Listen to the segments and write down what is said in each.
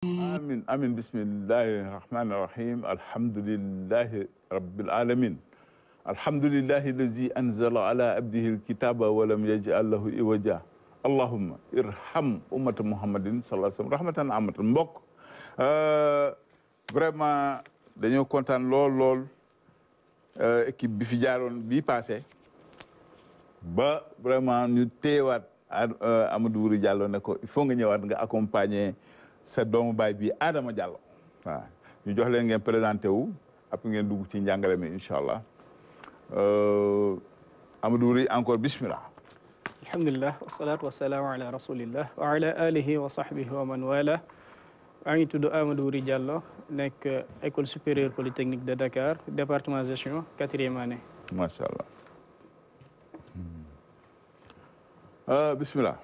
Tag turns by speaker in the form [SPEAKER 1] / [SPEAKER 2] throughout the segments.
[SPEAKER 1] amin amin bismillahi rahmani rahim alhamdulillahi rabbil alamin alhamdulillahi lazi anzala ala abdihi alkitaba walam yaj'al lahu iwaja allahumma irham ummata muhammadin sallallahu alayhi wa sallam rahmatan amatan mbokk euh, vraiment dañoo kontaan lool lool euh, équipe bi fi jaaroon bii passé ba vraiment ñu téewaat euh, Amadou Wuri Diallo ne ko il faut nga ñëwaat nga accompagner sa doomu baay bi Adama Diallo waaw ñu jox leen ngeen présenté wu après ngeen dugg ci njàngale mi incha allah Amadou Ry encore bismillah
[SPEAKER 2] alhamdulillah wasalaatu wasalaamu ala rasulillah wa ala alihi wa sahbihi wa man wala maa ngi tudd Amadou Ry Diallo nekk école supérieure polytechnique de Dakar département
[SPEAKER 3] gestion quatrième année
[SPEAKER 1] macha allah bismillah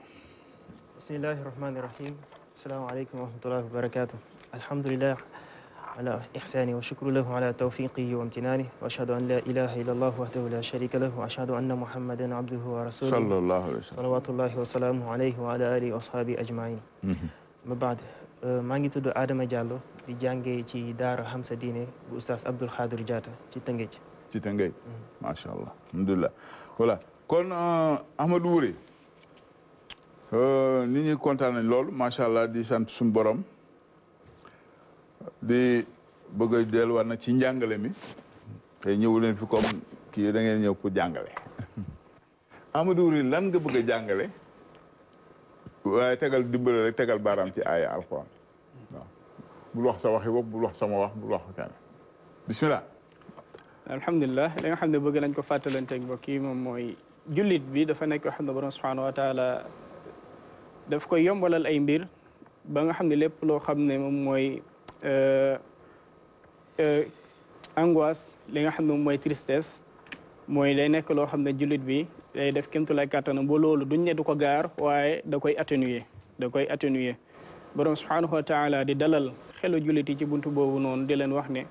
[SPEAKER 3] bismillahi rahmani rahim السلام عليكم ورحمة الله وبركاته الحمد لله على إحساني وشكر له على توفيقه وامتناني وأشهد أن لا إله إلا الله وحده لا شريك له وأشهد أن محمدا عبده ورسوله صلى الله عليه وسلم صلوات الله وسلامه عليه وعلى آله وأصحابه أجمعين ما بعد maa آه، تدو آدم جالو Diallo جانجي تي دار daara Hamsa بأستاذ عبد الخادر جاتا تي تنجي
[SPEAKER 1] تي تنجي ما شاء الله الحمد لله كلا كون آه، أحمد Wuri Euh, nit ñi kontaan lool macha allah di sant suñu borom di bëgg a delluwaat nag ci njàngale mi te ñëwu leen fi comme kii da ñëw ku jàngale. Amadou Wuri lan nga bëgg jàngale waaye tegal dimbale rek tegal baaraam ci aaya alxuraan waaw bul wax
[SPEAKER 2] sa waxi bopp bul wax sama wax bul wax kenn bismillah alhamdulilah li nga xam ne bëgg nañ ko fàttalanteeg mbokk yi moom mooy jullit bi dafa nekk xam borom subhanahu wa daf koy yombalal ay mbir ba nga xam ne lépp loo xam ne moom mooy angoisse li nga xam ne moom mooy tristesse mooy lay nekk loo xam ne jullit bi day def kémtulay kàttanam ba loolu duñ ne du ko gaar waaye da koy atténuer da koy atténuer borom subhanahu wa taala di dalal xelu jullit yi ci buntu boobu noonu di leen wax ne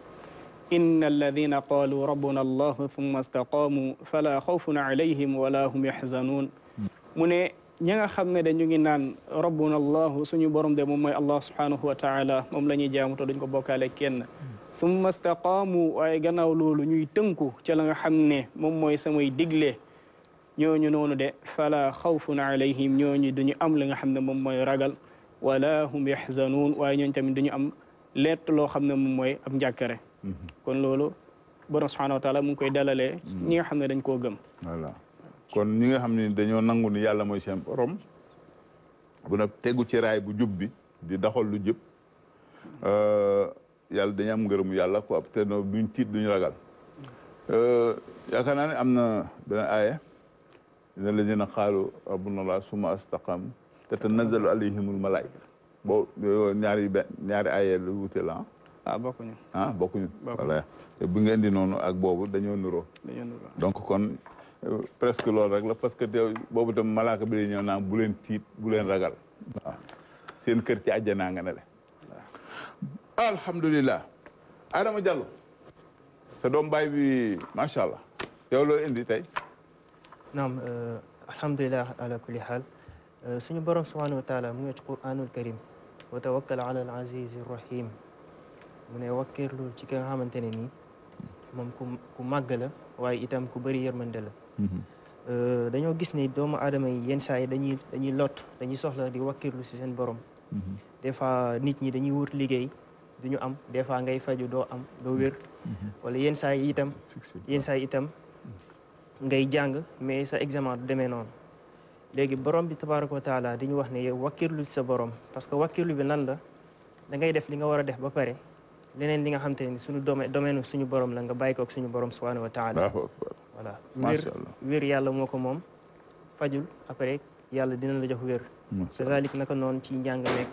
[SPEAKER 2] إن الذين قالوا ربنا الله ثم استقاموا فلا خوف عليهم ولا هم يحزنون من ñi nga xam ne dañu ngi naan rabbuna allahu suñu borom de moom mooy allah subhanahu wa moom la ñuy jaamu te duñ ko bokkaale kenn summa staqaamu waaye gannaaw loolu ñuy tënku ca la nga xam ne moom mooy samay digle ñooñu noonu de fala xawfun alayhim ñooñu duñu am la nga xam ne moom mooy ragal wala hum yaxzanuun waaye ñooñu tamit duñu am lett loo xam ne moom mooy ab njàkkare mhm. kon loolu borom subhanahu wa taala mu koy dalalee ñi nga xam ne dañ koo gëm
[SPEAKER 1] kon ñi nga xam ne dañoo nangu ni yàlla mooy seen borom bu nag tegu ci raay bu jub bi di doxal lu jub euh, yàlla dañu am ngërëmu yàlla quoi te no duñ tiit duñu ragal euh, yaakaar naa ne am na beneen aaya dina lazina qaalu rabbuna allah summa astaqam tatanazzalu alayhimul malaika boo ñaari be ñaari aaya lu wute la ah, ah bokkuñu ah bokkuñu voilà bu ngeen di noonu ak boobu dañoo dañoo nuroo donc kon presque loolu rek la parce que boobu tam malaaka bi ñëw naan bu leen tiit bu leen seen kër ci àjjanaa nga ne le waaw Adama Diallo sa doom baay bi macha allah yow indi tey
[SPEAKER 3] naam euh, alhamdulilah ala kulli xaal euh, suñu borom subhanahu wa mu ngi ci quranul karim ala al aziz mu ne wakkeerlul ci ki nga xamante ne nii ku ku màgg la waaye itam ku bëri yërmande la mhm. euh, dañoo gis ni doomu aadama yi yenn saa yi dañuy dañuy lot dañuy soxla di wakkirlu si seen borom mhm. des fois nit ñi dañuy wut liggéey du ñu am des fois ngay faju doo am doo wér mhm. wala yenn saa yi itam yenn saa itam ngay jàng mais sa examen du demee noonu léegi borom bi tabaraka wa taala di ñu wax ne yow wakkirlu si sa borom parce que wakkirlu bi lan la da def li nga war a def ba pare leneen li nga xam te ni suñu domaine suñu borom la nga bàyyi ko ak suñu borom subhanahu wa taala voilà wér wér yàlla moo ko moom fajul après yàlla dina la jox wér kazalik naka noonu ci njàng meeg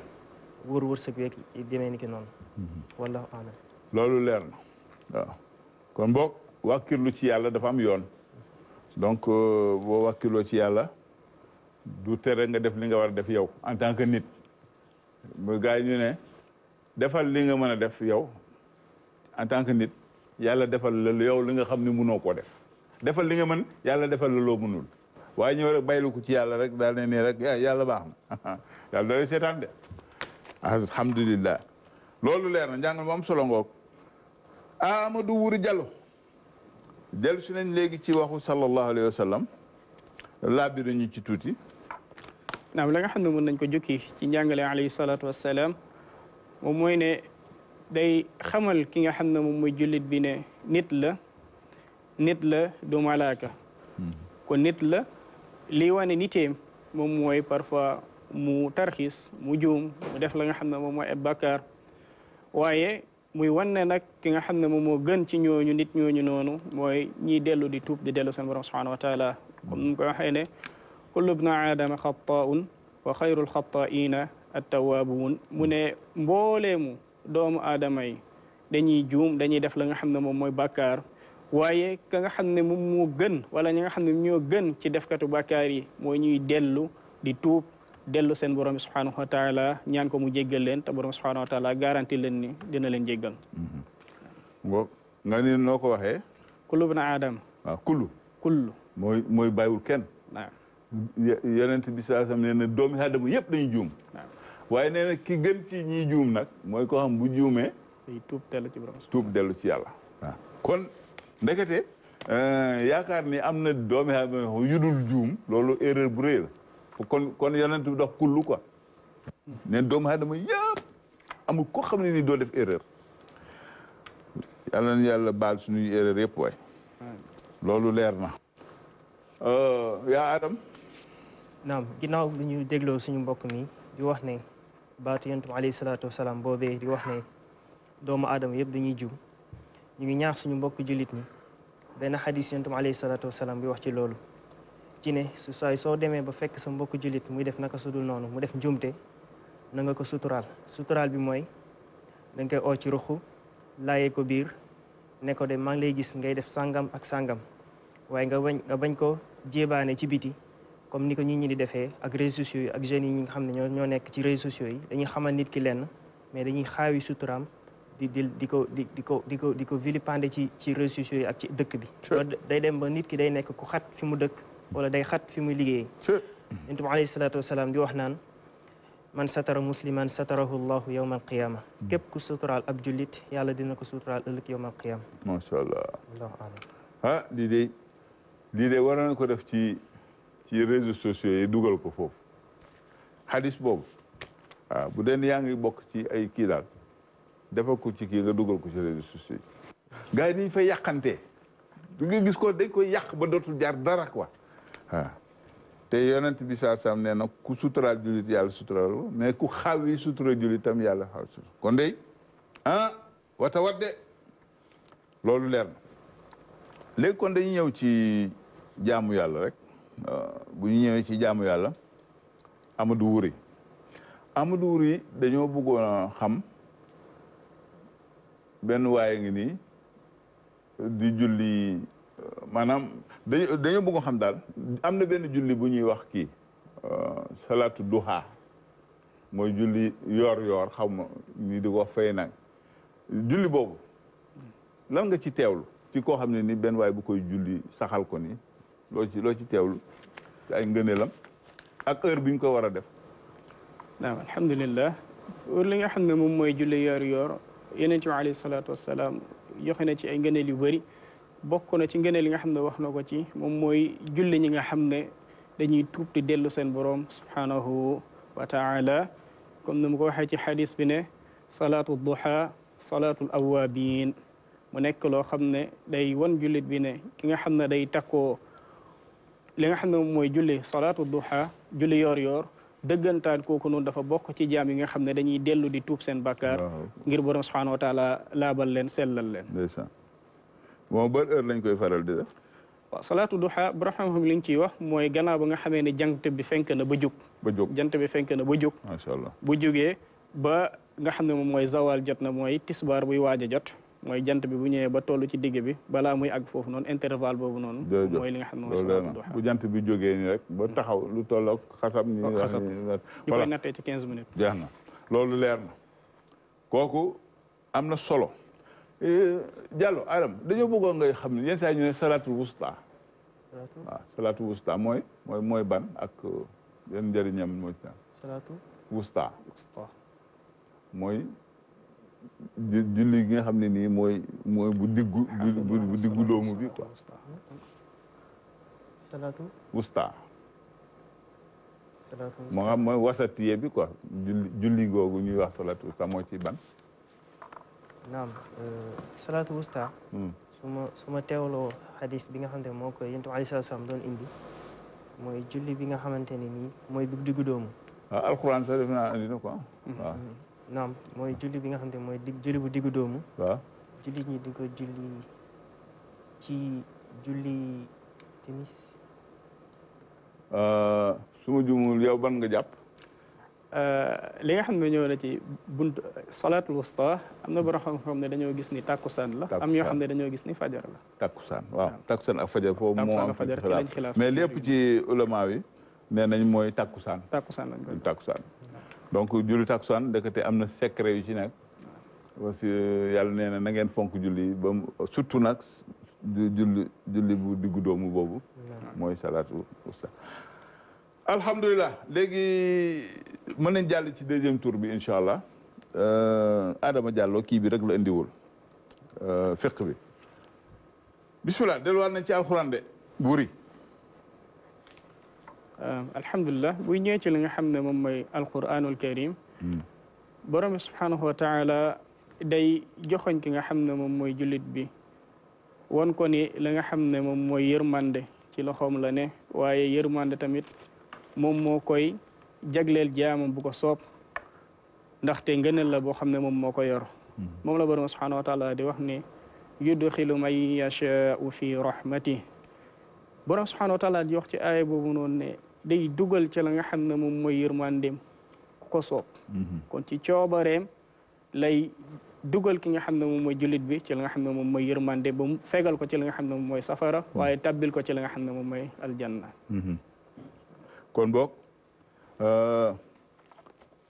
[SPEAKER 3] wër wërsëg weeg demee ni ki noonu mhm. wallahu alam
[SPEAKER 1] loolu leer na waaw kon boog wàkkirlu ci yàlla dafa am yoon donc euh, boo wàkkirloo ci yàlla du tere nga def li nga war a def yow en tant que nit mu gars ñu ne defal li nga mën a def yow en tant que nit yàlla defal la yow li nga xam ne mënoo koo def defal li nga mën yàlla defal la loo mënul waaye ñëw rek bàyyilu ko ci yàlla rek daal ne nii rek eh, yàlla baax na yàlla dalay seetaan de alhamdulilah loolu leer na njàngal mu am solo ngoog Amadou Wuri Diallo
[SPEAKER 2] jël su nañ léegi ci waxu sallallahu alayhi wa sallam laabiru ñu ci tuuti naam la nga xam ne mun nañ ko jukki ci njàngale alayhi salaatu wassalaam موي ني داي خمال كيغا خامن موم موي جوليت بي ني نيت لا نيت لا دو ملائكه كو نيت لا لي واني نيتيم مو ترخيص مو جوم مو ديف لاغا خامن موم موي بكار وايي موي واني ناك كيغا خامن موم مو گن سي ньо ญ و نيت ньо ญ و نونو موي ني دلو دي توب دي ديلو سن بروم سبحانه وتعالى كوم نكو واخاي ني كل ابن ادم خطاء وخير الخطائين attawaabuun mu ne mu doomu aadama yi dañuy juum dañuy def la nga xam ne moom mooy bàkkaar waaye ka nga xam ne moom gën wala ñi nga xam ne ñoo gën ci defkatu bàkkaar yi mooy ñuy dellu di tuub dellu seen borom subhaanahu wa taala ñaan ko mu jéggal leen te borom subhaanahu wa garanti leen ni dina leen jéggal.
[SPEAKER 1] Mm-hmm.
[SPEAKER 2] nga ni noo ko waxee. kullu bna aadama. Ah, kullu. kullu mooy mooy bàyyiwul kenn. na
[SPEAKER 1] doomi aadama yëpp dañuy juum. waaye nee na ki gën ci ñiy juum nag mooy ko xam bu juumee. tuub dellu ci borom tuub dellu ci yàlla. waaw kon ndekete euh, yaakaar ni am na doomi aadama yu dul juum loolu erreur bu rëy la kon kon yonent bi dox kullu quoi doomu aadama yëpp amul ko xam ne ni doo def erreur yàlla na yàlla baal suñu erreur yépp waay loolu leer na
[SPEAKER 3] euh, yaa Adam ginnaaw bi ñu dégloo suñu mbokk mi di wax ne baatu yentum alayhi salaatu wasalaam boobee di wax ne doomu aadama yëpp dañuy jiw ñu ngi ñaax suñu mbokk jullit ñi benn xadis yentum alayhi salaatu wasalaam bi wax ci loolu ci ne su saay soo demee ba fekk sa mbokk jullit muy def naka sudul noonu mu def njuumte na nga ko suturaal suturaal bi mooy da nga koy ci ruxu laayee ko biir nekko ko de maa ngi lay gis ngay def sàngam ak sàngam waaye nga bañ ko jéebaane ci biti comme ni ko nit ñi di defee ak réseaux sociaux yi ak jeunes yi ñi nga xam ne ñoo ñoo nekk ci réseaux sociaux yi dañuy xamal nit ki lenn mais dañuy xaawi suturaam di ko di di ko di ko di ko vilipender ci ci réseaux sociaux yi ak ci dëkk bi. day dem ba nit ki day nekk ku xat fi mu dëkk wala day xat fi muy liggéey. yonent bi alayhi salaatu wasalaam di wax naan man satara musliman satarahu llahu yowma alqiyama hmm. képp ku suturaal ab jullit yàlla dina ko suturaal ëllëg yowma alqiyama. macha allah. allahu alam
[SPEAKER 1] ah lii de de ko def ci réseaux sociaux yi dugal ko foofu xadis boobu waaw bu dee yaa ngi bokk ci ay kii daal defal ko ci kii nga dugal ko ci réseaux sociaux yi gars yi niñ fay yàqante du nga gis ko dañ koy yàq ba dootul jaar dara quoi waaw te yonent bi saa sam nee na ku suturaal jullit yàlla suturaal ko mais ku xaw yi sutura tam yàlla xaw sutura kon dey ah wata wat de loolu leer na léegi kon dañ ñëw ci jaamu yàlla rek Euh, bu ñu ñëwee ci jaamu yàlla Amadou Wuri Amadou Wuri dañoo bëggoon a xam benn waaye ngi nii di julli euh, maanaam dañoo dañoo xam daal am na benn julli bu ñuy wax kii euh, salaatu duha mooy julli yor yoor xaw ma ni di ko fay nag julli boobu lan nga ci teewlu ci koo xam ne ni benn waay bu koy julli saxal ko ni loo ci loo ci teewlu ay ngëneelam
[SPEAKER 2] ak heure biñ ko war a def naam alhamdulilah heure li nga xam ne moom mooy julli yoor yoor yeneen ci bi alayhi salaatu joxe na ci ay yu bëri bokk na ci ngëneel yi nga xam ne wax na ko ci moom mooy julle ñi nga xam ne dañuy tuub di dellu seen borom subhaanahu wa taala comme ko waxee ci xadis bi ne salaatu duha salaatu awaabiin mu nekk loo xam ne day won jullit bi ne ki nga xam ne day takkoo li nga xam ne mooy julli salaatu duha julli yor yoor dëggantaan kooku non dafa bokk ci jaam yi nga xam dañuy dellu di tuub seen bàkkaar ngir borom subhanahu wa taala laabal leen sellal leen ndeysaan
[SPEAKER 1] bon ban heure lañ koy
[SPEAKER 2] faral di def waaw salaatu duha borom xam-xam li wax mooy gannaaw ba nga xamee ne jant bi fenk na ba jóg ba jóg jant bi fenk na ba allah bu ba nga xam ne zawal jot na mooy tisbaar buy jot mooy jant bi bu ñëwee ba toll ci digg bi balaa muy àgg foofu noonu intervalle boobu noonu mooy li nga xam ne mooy salaatu duha
[SPEAKER 1] bu jant bi jógee ni rek ba taxaw lu toll ak xasab ñu ñu koy
[SPEAKER 2] nattee ci quinze minutes
[SPEAKER 1] jeex na loolu leer na am na solo eh, Diallo Adam dañoo bëggoon ngay xam ne saa ñu ne salaatul wusta mooy mooy mooy ban ak uh, yan njëriñam moo ci naan salaatul wusta mooy julli gi nga xam ne nii mooy mooy bu diggu bu diggu doomu
[SPEAKER 3] bi quoi salaatu wusta moo xam
[SPEAKER 1] mooy wasatiye bi quoi julli julli ñuy wax salaatu wusta moo ci ban
[SPEAKER 3] naam euh, salaatu wusta hmm. su ma su ma teewloo bi nga xamante ne moo koy yentu aleyhi salaatu mooy julli bi nga xamante ni nii mooy bu diggu doomu waaw ah, alxuraan def naa indi na quoi naam mooy julli bi nga xam ne dig julli bu diggu doomu. waaw julli ñi di ko julli ci julli timis.
[SPEAKER 1] Euh, su ma
[SPEAKER 2] juumul yow ban nga jàpp. Euh, li nga xam ne ñëw na ci bunt salaatul wusta am na borom xam-xam ne dañoo gis ni tàkkusaan la. am yoo xam dañoo gis ni fajar la.
[SPEAKER 1] tàkkusaan waaw tàkkusaan ak fajar foofu moo am ci xilaaf mais lépp ci ulama wi nee nañ mooy tàkkusaan. lañ koy tàkkusaan. donc julli takkusaan ndekete am na secret yu ci nag parce yàlla nee na na ngeen fonk julli ba mu surtout nag julli julli bu diggu doomu boobu mooy salaatu usta léegi mën nañ jàll ci deuxième tour bi incha allah euh, Adama jàlloo kii bi rek la indiwul euh, fiq bi bismillah
[SPEAKER 2] delluwaat nañ ci alxuraan de buuri alhamdulilah buy ñëwee ci li nga xam ne moom mooy alquranul karim borom subhanahu wa taala day joxoñ ki nga xam ne moom mooy jullit bi won ko ni li nga xam ne moom mooy yërmande ci loxoom la ne waaye yërmande tamit moom moo koy jagleel jaamam bu ko soob ndaxte ngëneel la boo xam ne moom moo ko yor moom la borom subhanahu wa taala di wax ni yudxilu man yashaau fi rahmatih borom subhanahu wa taala di wax ci aaya boobu noonu ne day dugal ci la nga xam ne moom mooy yërmandeem ku ko soob mhm. kon ci coobareem lay dugal ki nga xam ne moom mooy jullit bi ci la nga xam ne moom mooy yërmande ba mu fegal ko ci nga xam ne moom moy safara mhm. waaye tabbil ko ci la nga xam ne moom mooy aljanna
[SPEAKER 1] mhm. kon boog euh,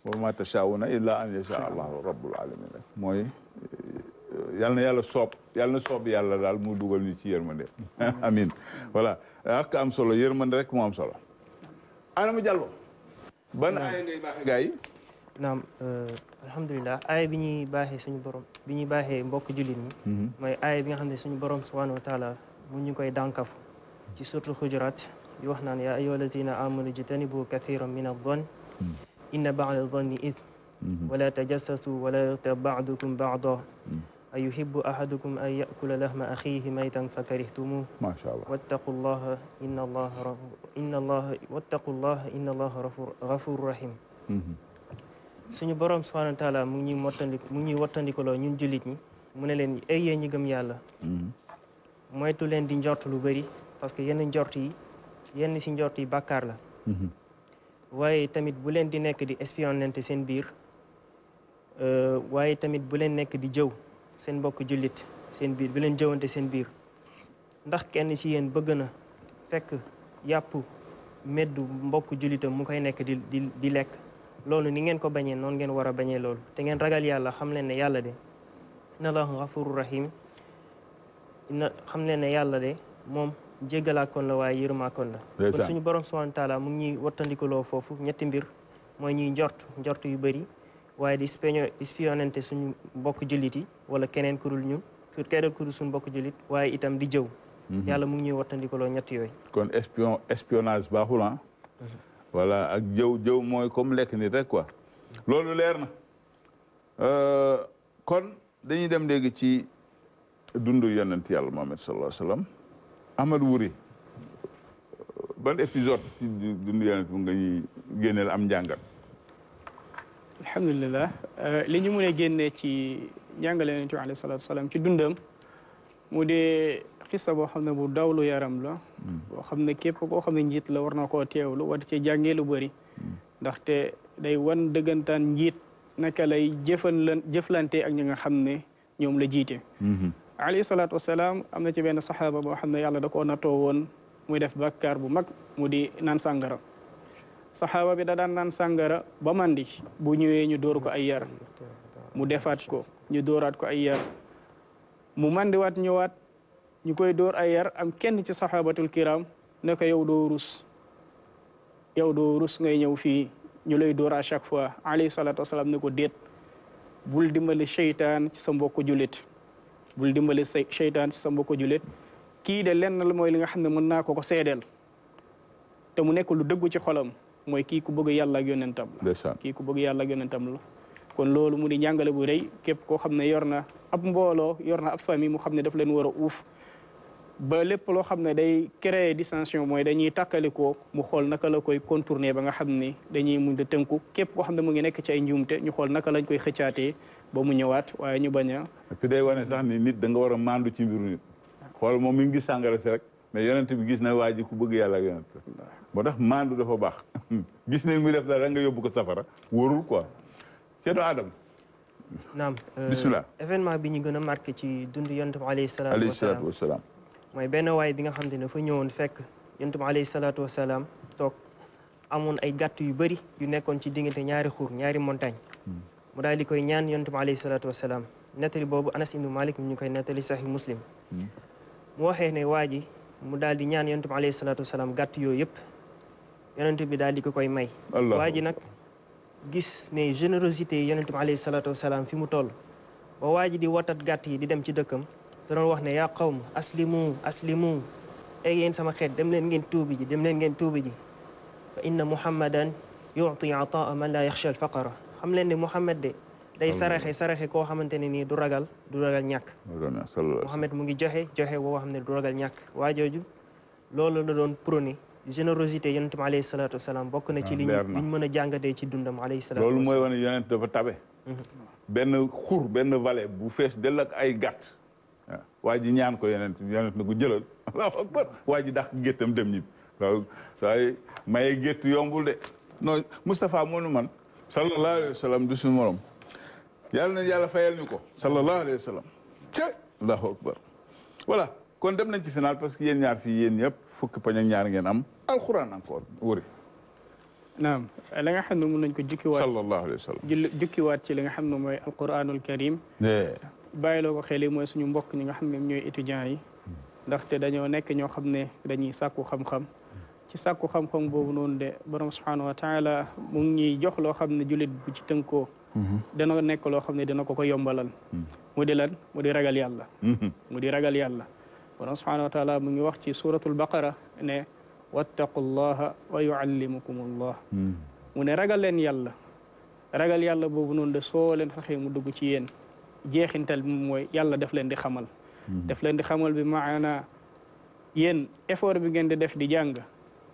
[SPEAKER 1] wa ma tashaauna illa an yasha allahu rabbul alamin rek mooy euh, yal na yàlla soob yal na soob yàlla daal mu dugal ñu ci yërmande amin voilà ak am solo yërmande rek mu am solo
[SPEAKER 3] أنا مجالو بن أي باهي نعم الحمد لله أي بني باهي سني بروم بني باهي مبوك جلني ما أي بني الحمد لله سني بروم سبحانه وتعالى من يكوي دانكاف تسرت الخجرات يوحنا يا أيها الذين آمنوا اجتنبوا كثيرا من الظن إن بعض الظن إثم ولا تجسسوا ولا يغتب بعضكم بعضا ayuhibbu ahadukum ay ya'kula lahma akhihi maitan fakarihtumuh. Masyaallah. Wattaqullaha innallaha innallaha wattaqullaha innallaha ghafurur rahim. Mhm. suñu borom subhanahu wa taala mu ñuy mottandiko mu ñuy wattandikoloo ñun jullit ñi mu ne leen ay yéen ñi gëm yàlla mhm. moytu leen di njort lu bëri parce que yenn njort yi yenn si njort yi bàkkaar la mhm. waaye tamit bu leen di nekk di espionnante seen biir euh, waaye tamit bu leen nekk di jau. seen mbokk jullit seen biir bi leen jëwante seen biir ndax kenn ci yéen bëgg na fekk yàpp meddu mbokk jullitam mu koy nekk di di di lekk loolu ni ngeen ko bañee noon ngeen war a bañee loolu te ngeen ragal yàlla xam leen ne yàlla de na allahu gafuru xam leen ne yàlla de moom jéggalaakoon la waaye yërëmaakoon la kon suñu borom subhanahu wa taala mu ngi wattandikuloo foofu ñetti mbir mooy ñuy njort njort yu bëri waaye di espionante suñu mbokk jullit yi wala keneen kurul ñun keneen kurul suñu mbokk waaye itam di jëw mhm. yàlla mu ngi ñuy wattandikoloo ñetti yooy
[SPEAKER 1] kon espion espionnage baaxul ah mhm. ak jëw jëw mooy comme lekk nit rek quoi loolu leer na euh, kon dañuy dem léegi ci dundu yonent yàlla mu sallallahu alayhi wa sallam Ahmad Wuri ban épisode dundu yonent mu nga ñuy génneel am njàngat
[SPEAKER 2] alhamdulilah euh, li ñu mën a génnee ci njàngale yonent bi alayhi salaatu salaam ci dundam mu dee xissa boo xam ne bu dawlu yaram la mm. boo xam ne képp koo xam ne njiit la war na koo teewlu war ci jàngee lu bari mm. ndaxte day wan dëggantaan njiit naka lay jëfan jëflante ak ñi nga xam ne ñoom la jiite mm-hmm. alayhi salaatu wasalaam am na ci benn saxaaba boo xam ne yàlla da koo natoo woon muy def bàkkaar bu mag mu di naan sàngara sahaba bi da daan naan sàngara ba mandi bu ñëwee ñu dóor ko ay yar mu defaat ko ñu dóoraat ko ay yar mu ay yar am kenn ci kiram ne ko yow doo rus yow doo rus ngay ñëw fii ñu lay dóor à chaque fois alayhi salatu wasalaam ne ko déet bul dimbali seytaan ci sa mbokk julit bul dimbali seytaan ci sa mbokk julit kii de lenn la mooy li nga mën ko ko mu nekk lu ci xolam mooy kii ku bëgg yàlla ak yonentam la kii ku bëgg yàlla ak yonentam la kon loolu mu di njàngale bu rëy képp koo xam ne yor na ab mbooloo yor na ab famille mu xam ne daf leen war a uuf ba lépp loo xam ne day créer dissension mooy dañuy takkalikoo mu xool naka la koy contourner ba nga xam ne dañuy mun a tënku képp koo xam ne mu ngi nekk ci ay njuumte ñu xool naka lañ koy xëccaatee ba mu ñëwaat waaye ñu bañ a.
[SPEAKER 1] puis day wane sax ni nit da nga war a maandu ci mbiru nit. xool moom mi ngi gis si rek. mais yonent bi gis na waa ji ku bëgg yàlla ak yonent moo tax maandu dafa baax gis nañ muy def dara nga yóbbu ko safara wóorul quoi seeto Adam
[SPEAKER 3] naam euh, bisimilah événement bi ñu gën a marqué ci dund yonent bi alayhi salaatu alayhi salaatu wasalaam mooy benn waay bi nga xam te ne dafa ñëwoon fekk yonent bi alayhi salaatu wasalaam toog amoon ay gàtt yu bëri yu nekkoon ci diggante ñaari xur ñaari montagne hmm. mu daal di koy ñaan yonent bi alayhi salaatu wasalaam nettali boobu Anas ibnu Malik mi ñu koy nettali saxi muslim hmm. mu waxee ne waa ji mu daal di ñaan yonent bi alayhi salaatu wasalaam gàtt yooyu yëpp bi daal di ko koy may waa ji nag gis ne générosité yi yonent bi alayhi salaatu wasalaam fi mu toll ba waa ji di watat gàtt yi di dem ci dëkkam te doon wax ne yaa qawm aslimu aslimu ay yéen sama xeet dem leen ngeen tuubi ji dem leen ngeen tuubi ji fa inna muhammadan yuti ataa man la yaxsha alfaqara xam leen ne muhammad de day saraxe saraxe koo xamante ne nii du ragal du ragal ñàkk
[SPEAKER 1] Muhammad
[SPEAKER 3] mu ngi joxe joxe woo xam ne du ragal ñàkk waa jooju loolu la doon prôné générosité yonent bi alayhi salaatu salaam bokk na ci ah, li ñu li mën a jàngatee ci dundam alayhi salaatu loolu mooy wane
[SPEAKER 1] yonent dafa tabe mhm. benn xur benn vallée bu fees dell ak ay gàtt ah, waa ji ñaan ko yonent yonent ko jëlal allahu akbar waa ji dàq géttam dem ñib waaw waaye maye gétt yombul de non Moustapha moo nu man sallallahu wa sallam du suñu morom yàlla nañ yàlla fayal ñu ko sallallahu alayhi wa sallam ca allahu akbar voilà kon dem nañ ci final parce que yéen ñaar fii yéen ñëpp fukki pañ ñaar ngeen am alquran encore wëri
[SPEAKER 2] naam la nga xam ne mun nañ ko jukkiwaat sallallahu alayhi wa sallam jukkiwaat ci li nga xam ne mooy alquranul karim bàyyiloo ko xel yi mooy suñu mbokk ñi nga xam ne ñooy étudiants yi ndaxte dañoo nekk ñoo xam ne dañuy sàkku xam-xam ci sàkku xam boobu noonu de borom subhanahu wa taala mu ngi ñuy jox loo xam ne jullit bu ci tënkoo dana nekk loo xam ne dina ko ko yombalal mm-hmm. mu di lan mu di ragal yàlla mm-hmm. mu di ragal yàlla borom subhanahu wa taala mu ngi wax ci suratul baqara ne wattaqu llaha wa yuallimukum allah mm-hmm. mu ne ragal leen yàlla ragal yàlla boobu noonu de soo leen fexee mu dugg ci yéen jeexintal bi mooy yàlla def leen di xamal daf leen di xamal bi maana yéen effort bi ngeen di def di jàng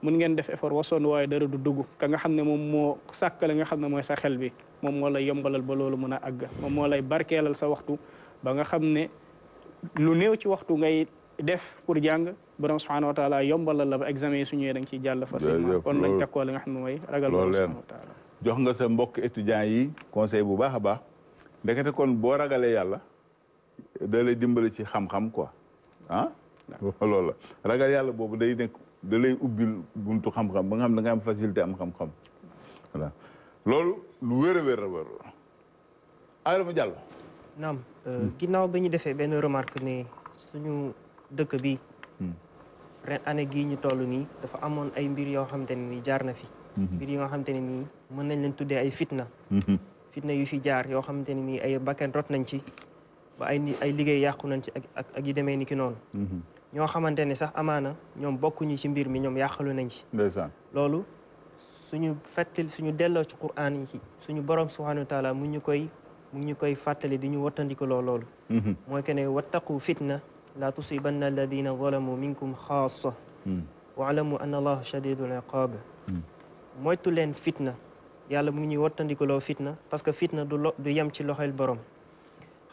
[SPEAKER 2] mën ngeen def effort wa sonn waaye dara du dugg ka nga xam ne moom moo sàkkale nga xam ne mooy sa xel bi moom moo lay yombalal ba loolu mën a àgg moom moo lay barkeelal sa waxtu ba nga xam ne lu néew ci waxtu ngay def pour jàng borom subhanahu wa taala yombalal la ba examen yi su ñëwee da nga ciy jàll facilement kon nañ takkoo li nga xam ne mooy ragal borom subhanahu wa taala
[SPEAKER 1] jox nga sa mbokk étudiant yi conseil bu baax a baax ndekete kon boo ragalee yàlla da lay dimbali ci xam-xam quoi ah loolu la ragal yàlla boobu day nekk da lay ubbil buntu xam-xam ba nga xam da nga am facilité am xam-xam voilà loolu lu wér a wér a wér Adama Diallo
[SPEAKER 3] naam euh, ginnaaw ba ñu defee benn remarque suñu dëkk bi hmm. ren gii ñu toll nii dafa amoon ay mbir yoo xamante ne nii jaar na fi hmm. mbir yoo nga xamante ne nii mën nañ leen tuddee ay fitna hmm. fitna yu fi jaar yoo xamante ne nii ay bakkan rot nañ ci ba ay ay liggéey yàqu nañ ci ak ak yu demee ni ki noonu ñoo xamante ne sax amaana ñoom bokkuñu ci mbir mi ñoom yàqalu nañ ci. ndeysaan loolu suñu fàttali suñu delo ci quraan yi suñu borom subhaanahu wa taala mu ñu koy mu ñu koy fàttali di ñu wattandikuloo loolu. mooy que ne wattaqu fitna laa tusibanna alladina zalamu minkum xaasa. waalamu anna allahu shadidul iqaab. moytu leen fitna yàlla mu ngi ñuy wattandikuloo fitna parce que fitna du lo du yem ci loxol borom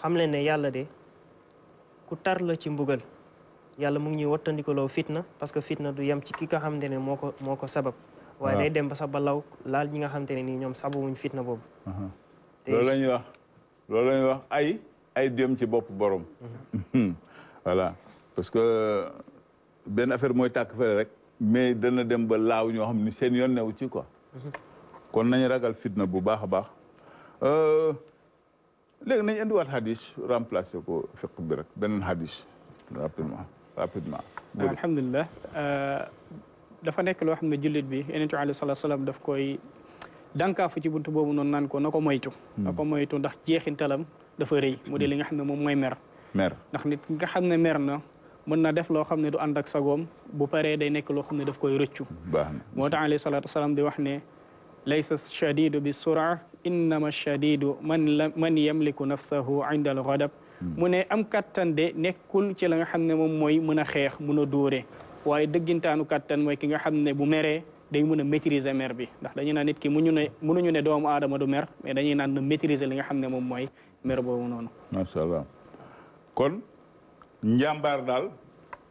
[SPEAKER 3] xam leen ne yàlla de ku tar la ci mbugal. yàlla mu ngi ñuy wattandikuloo fitna parce que fitna du yam ci ki nga xamante ne moo sabab waaye day dem ba sax ba laal ñi nga xamante ne nii sabu sababuñ fitna boobu uh-huh. loolu la ñuy
[SPEAKER 1] wax loolu la wax ay ay dem ci bopp borom uh-huh. voilà parce que benn affaire mooy tàkk fële rek mais dana dem ba laaw ñoo xam ni seen yoon newu ci quoi uh-huh. kon nañ ragal fitna bu baax a baax euh, léegi nañ indiwaat hadis remplacé ko fiq bi rek beneen hadis rapidement rapidement.
[SPEAKER 2] alhamdulilah dafa nekk loo xam ne jullit bi yonent bi alayhi salaatu daf koy dànkaafu ci buntu boobu noonu naan ko na moytu. na moytu ndax jeexintalam dafa rëy mu de li nga xam ne moom mer. mer ndax nit nga xam mer na mën na def lo xamne du ànd ak sagoom bu pare day nek lo xamne daf koy rëccu. mo ta ali sallallahu alayhi wasallam di wax ne. laysa shadidu bi sura innama shadidu man man yamliku nafsahu inda al ghadab mu ne am kattan de nekkul ci la nga xam ne moom mooy mën a xeex mun a doore waaye dëggintaanu kattan mooy ki nga xam ne bu meree day mun a maîtriser mer bi ndax dañuy naan nit ki mu ñu ne mënuñu ne doomu aadama du mer mais dañuy naan na li nga xam ne moom mooy mer boobu noonu.
[SPEAKER 1] macha allah kon njàmbaar daal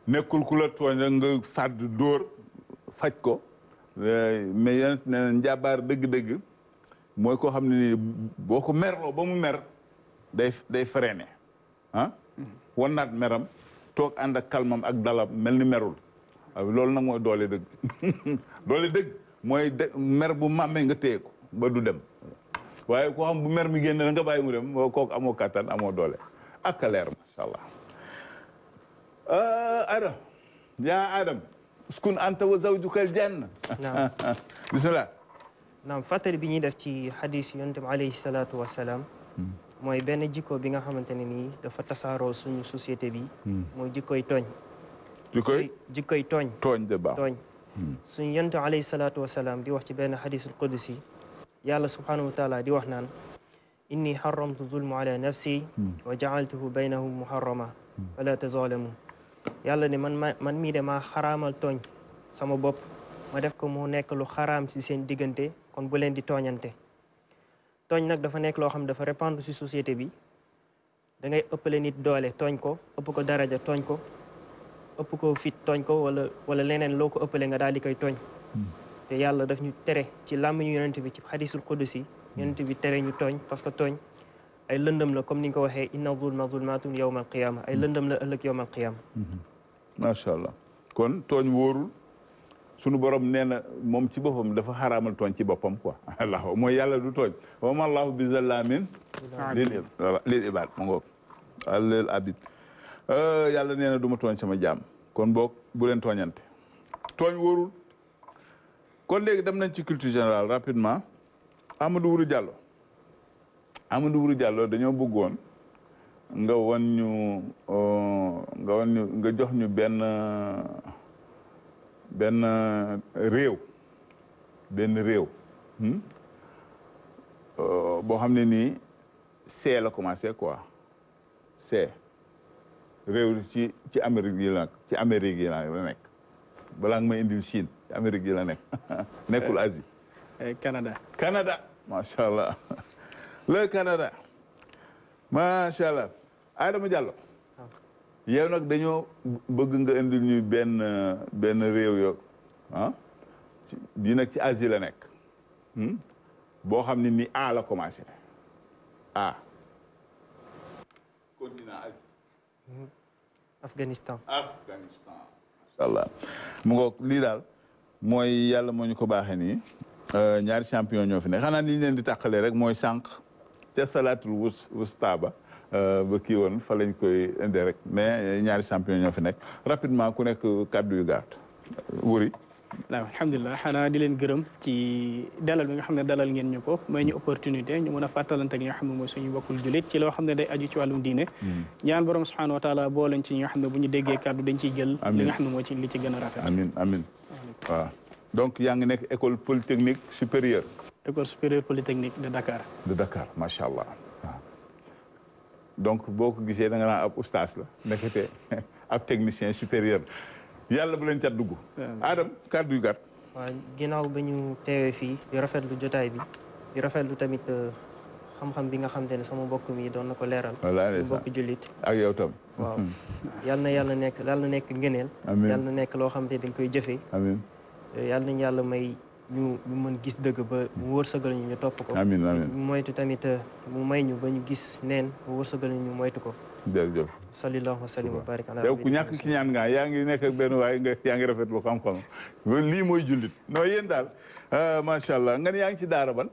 [SPEAKER 1] nekkul ku la tooñ rek nga fàdd dóor faj ko mais yonent nee na njàmbaar dëgg-dëgg mooy ko xam ne boo ko merloo ba mu mer day day freiné. ah naat meram toog ànd ak kalmam ak dalam mel ni merul loolu nag mooy doole dëgg mooy de mer bu màmmee nga téye ko ba du dem waaye koo xam bu mer mi génn na nga bàyyi dem moo amoo kattan amoo doole ak leer macha allah euh, adam yaa adam uskun anta wa zawjuka al janna bismillah
[SPEAKER 3] naam bi ñuy def ci hadis yonent bi alayhi salaatu wa mooy benn jikko bi nga xamante ne nii dafa tasaaroo suñu société bi hmm. mooy jikkoy tooñ jikkoy jikkoy tooñ tooñ de baax tooñ hmm. suñu yentu alayhi salaatu di wax ci benn xadisul qudusi yàlla subhaanahu wa di wax naan inni xaramtu zulma ala nafsi hmm. wa jaaltuhu baynahum muharrama fala tazalamu yàlla ne man ma man mii de maa xaraamal tooñ sama bopp ma def ko mu nekk lu xaraam ci seen diggante kon bu leen di tooñante tooñ nak dafa nek lo xam dafa répandre ci société bi da ngay ëppale nit doole tooñ ko ëpp ko daraja tooñ ko ëpp ko fit tooñ ko wala wala leneen loko ëppale nga dal di koy tooñ te yàlla daf ñu tere ci làmm ñu yonent bi ci hadithul qudusi yonent bi tere ñu tooñ parce que tooñ ay lëndëm la comme ni nga waxé waxee inna zulma zulmatun yawmal qiyamah ay lëndëm la ëllëg yawmal
[SPEAKER 1] ma sha allah kon tooñ worul sunu borom nee na moom ci boppam dafa xaraamal tooñ ci boppam ko allah mooy yàlla du tooñ wa ma allahu bi zallamin lil ibaad mu ngoog abid euh, yàlla nee na du ma tooñ sama jaam kon book bu leen tooñante tooñ wóorul kon léegi dem nañ ci culture générale rapidement Amadou Wuri Diallo Amadou Wuri Diallo dañoo bëggoon nga wan euh, nga wan ñu nga jox ñu benn benn euh, réew benn réew hmm? euh, boo xam ne nii see la commencé quoi see réew ci ci Amérique yi la nag ci Amérique yi la nekk balaa nga may indil Chine ci Amérique yi la nekk nekkul Asie. Eh, eh, Canada. Canada macha allah le Canada macha allah Adama Diallo. yow nag dañoo bëgg nga indil ñuy benn benn réew yo ah nag ci Asie la nekk hmm? boo xam ne ni A la commencé A continent Asie hmm. Afghanistan Afghanistan macha mu ngoog lii daal mooy yàlla moo ñu ko baaxee nii euh, ñaari champion ñoo fi ne xanaa nii ñu leen di tàqalee rek mooy sànq ca salaatul wus wustaaba Euh, ba kii woon fa lañ koy indi rek mais euh, ñaari champion ñoo fi nekk rapidement ku nekk kàddu yu gàtt euh, wuri
[SPEAKER 2] waaw alhamdulilah xanaa di leen gërëm ci dalal bi xam ne dalal ngeen ñu ko may ñu opportunité ñu a fàttalante ak ñi nga xam ne mooy suñu bokkul jullit ci loo xam ne day aju ci wàllum diine hmm. ñaan borom boo leen ci xam ne bu ñu déggee kàddu dañ ciy jël li nga xam ne mooy ci a rafet
[SPEAKER 1] amin amin waaw donc yaa ngi nekk école polytechnique supérieure
[SPEAKER 2] école supérieure polytechnique de Dakar
[SPEAKER 1] de Dakar macha allah donc boo ko gisee da nga naan ab ustaas la nekkete ab technicien supérieur yàlla bu leen cat dugg
[SPEAKER 3] Adam kàddu yu waaw ginnaaw ba ñu teewee fii rafet lu jotaay bi di rafetlu tamit euh, xam-xam bi nga xam te ne sama mbokk mi doon na ko leeral ko jullit ak yow tam hmm. na yàlla nekk yàlla nekk ngëneel yàlla nekk loo xam te dañ koy jëfee yàlla nañ yàlla may ñu ñu mën gis dëgg ba mu wërsëgal ñu ñu topp ko. amiin amiin moytu tamit euh, mu may ñu ba ñu gis neen mu wërsëgal ñu ñu moytu ko. jërëjëf. sallallahu wa sallam wa barik ala yow ku
[SPEAKER 1] ñàkk ki ñaan nga yaa ngi nekk ak benn waaye nga yaa ngi rafetlu xam-xam lii mooy jullit non yéen daal euh, macha allah nga ne yaa
[SPEAKER 3] ngi ci daara ban.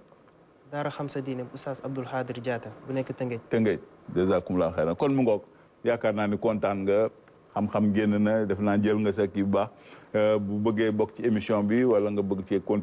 [SPEAKER 3] daara xam sa diine bu Oustaz Abdoul Khadir Diatta bu nekk Tëngéej. Tëngéej
[SPEAKER 1] jazakumullahu xayran kon mu ngoog yaakaar naa ni kontaan nga. xam-xam génn na def naa jël nga sa kii bu baax euh, bu bëggee bokk ci émission bi wala nga bëgg cee